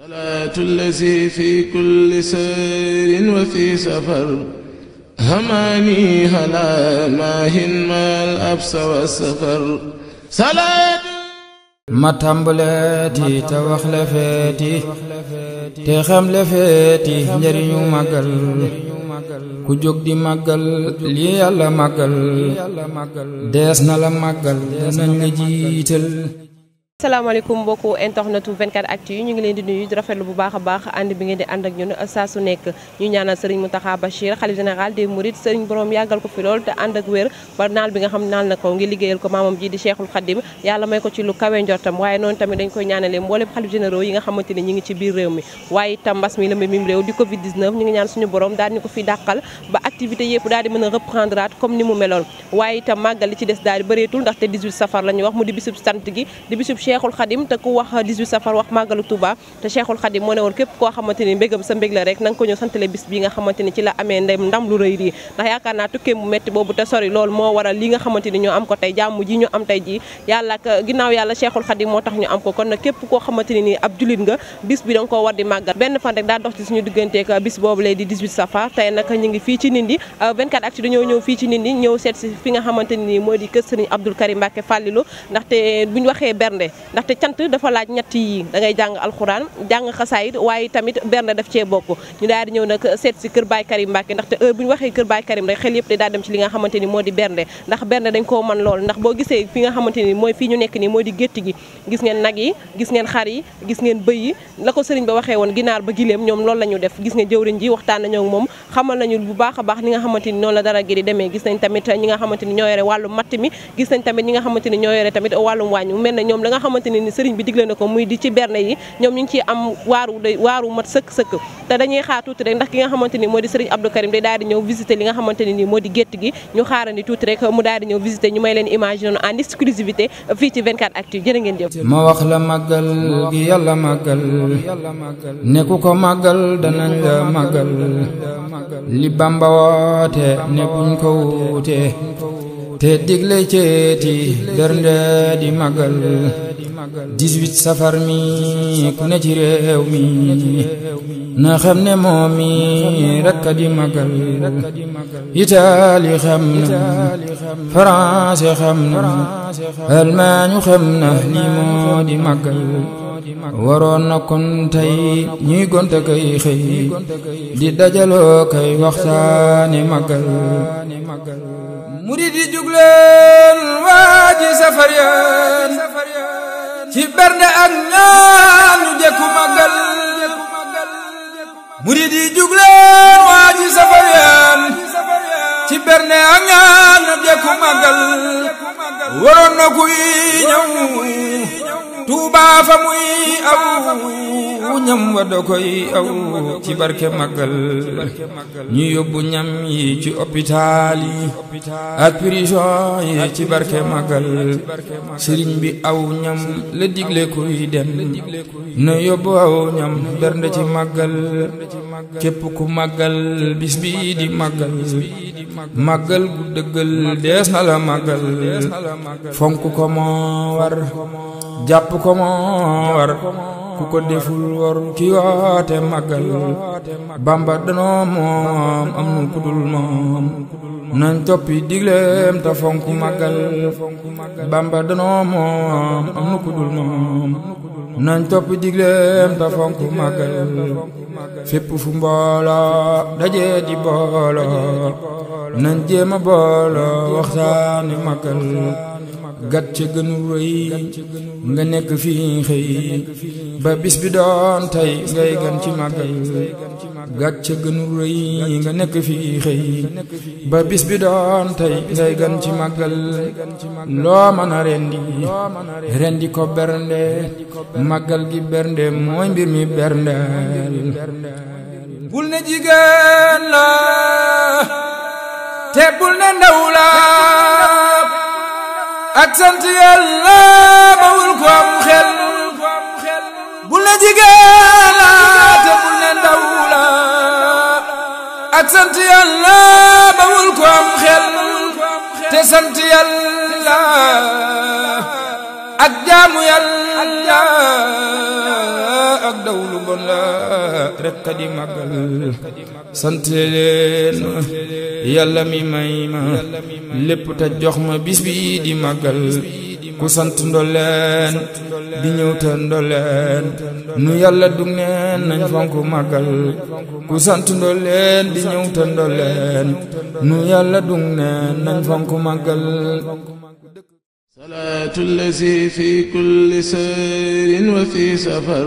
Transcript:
salaatu lazi fi kulli sayrin wa fi safar hamaani halaa maahin maal absa wa safar salaatu ma tàmbaleeti te wax la feeti te xam la feeti njariñu màggal ku jóg di màggal lii yàlla màggal dees na la màggal danañ la jiital salaamaaleykum mbokku internetu 24 actu yi ñu ngi leen di nuyu di rafetlu bu baax a baax ànd bi ngeen di ànd ak ñun saa su nekk ñu ñaanal Serigne Mountakha Bachir xalif général des mourides Serigne borom yàggal ko fi lool te ànd ak wér ba naal bi nga xam naal na ko ngi liggéeyal ko maamam ji di Cheikhul Khadim yàlla may ko ci lu kawe njortam waaye noonu tamit dañ koy ñaanalee mboolem xalif généraux yi nga xamante ne ñi ngi ci biir réew mi waaye itam mbas mi lëmbe mim réew ko fi dàqal daal di mën a reprendre ni mu meloon waaye itam màggal li ci des daal di bëreetul ndaxte 18 la ñu wax mu di Cheikhul Khadim te ku wax 18 safar wax màggalu Touba te Cheikhul Khadim moo ne woon képp koo xamante ni mbégam sa mbég la rek na nga ko ñëw santale nga xamante ni ci la amee ndem ndam lu rëy lii ndax yaakaar naa boobu te sori loolu moo waral li nga xamante ni ñoo ko tey jàmm ji ñu am ji yàlla ak ginnaaw yàlla Cheikhul Khadim moo tax ñu am ko kon nag képp koo xamante ni nii ab julit bis bi da nga koo war di benn fan rek daa dox ci suñu digganteek bis boobu lay di 18 safar ngi fii ci Ndindy 24 euh, actu dañoo ñëw fii ci Ndindy ñëw seet si nga xamante ni moo di kër Serigne Abdoul Karim Mbacké Fallilou ndaxte buñ waxee bernde ndaxte cant dafa laaj ñett yi da ngay jàng alxuraan jàng xasaayid waaye tamit berne daf cee bokk ñu daal di ñëw nag seet si kër Baye Karim Mbacke ndaxte heure bu ñu waxee kër Baye Karim rek xel yëpp day daal dem ci li nga xamante ni moo di bernde ndax bernde dañ koo mën lool ndax boo gisee fi nga xamante ni mooy fii ñu nekk nii moo di gétt gi gis ngeen nag yi gis ngeen xar yi gis ngeen bëy yi la ko sëriñ ba waxee woon ginaar ba giléem ñoom loolu la ñu def gis ngeen jëwriñ ji waxtaan nañu ak moom xamal a baax li nga xamante ni noonu la dara gi di demee gis nañ tamit ñi nga xamante ni ñoo yore wàllum matt mi gis nañ xamante ne ni sëriñ bi di ci berne yi ñoom ñu ngi ciy am waaru day waaru mat sëkk-sëkk dañuy xaar tuuti rek ndax ki nga xamante ni moo di sëriñ Abdou Karim day daal di ñëw visiter li nga xamante ne ni moo di gétt gi ñu xaarandi tuuti rek mu daal di ñëw visiter ñu may leen image noonu en exclusivité fii ci 24 actu jërë ngeen jëf ma wax la màggal gi yàlla màggal ne ku ko màggal danañ la màggal li Bamba woote ne buñ ko wuute te digle ceeti bernde di màggal 18 safar mi ku ne ci réew mi na xam ne moom mi rekk a di magal Italie xam na France xam na Allemagne xam na li moo di magal waroon na kon tey ñuy gonta kay xëy di dajaloo kay waxtaane magal murid yi jugleen waaji safar yaan ci bernde ak ñaan ñu jekku màggal murid yi jugleen waa ji safar yaan ci bernde ak ñaan ñu jekku màggal waroon na kuy ñëw Tuuba fa muy aw wu ñam wa da koy aw ci barke màggal ñu yóbbu ñam yi ci hôpital yi ak prison yi ci barke màggal sëriñ bi aw ñam la digle kuy dem na yóbbu aw ñam bernde ci màggal képp ku màggal bis bi di màggal màggal gu dëggal dees na la màggal fonk ko moo war jàpp ko moo war ku ko deful warul ci yoote màggal bamba danoo moom am nun ku moom nañ toppi digleem te fonku màggal bamba danoo moom am nu ku moom nañ topp digleem te fonk màggal fépp fu mbooloo dajee di booloo nañ jéema booloo waxtaani màggal gat ca gënu rëy nga nekk fii xëy ba bis bi doon tey ngay gan ci màggal gat ca nga nekk fii ba bis bi doon tey ngay ci màggal loo mën a rendi rendi ko bernde màggal gi bernde mooy mbir mi berndeel bul ne jigéen la te bul ndaw la ak sant yàlla bawul ko am xel bul ne jigéen la te bul ne ak sant yàlla bawul ko am xel te sant yàlla ak jaamu yàlla daw lu bon la rek ka di màggal sant leen yàlla mi may ma lépp te jox ma bis bi di màggal ku sant ndolleen di ñëw te ndolleen nu yàlla dug neen nañ fonk màggal ku sant ndolleen di ñëw te ndolleen nu yàlla dug neen nañ fonk màggal salaatu lazi fi kulli sayrin wa fi safar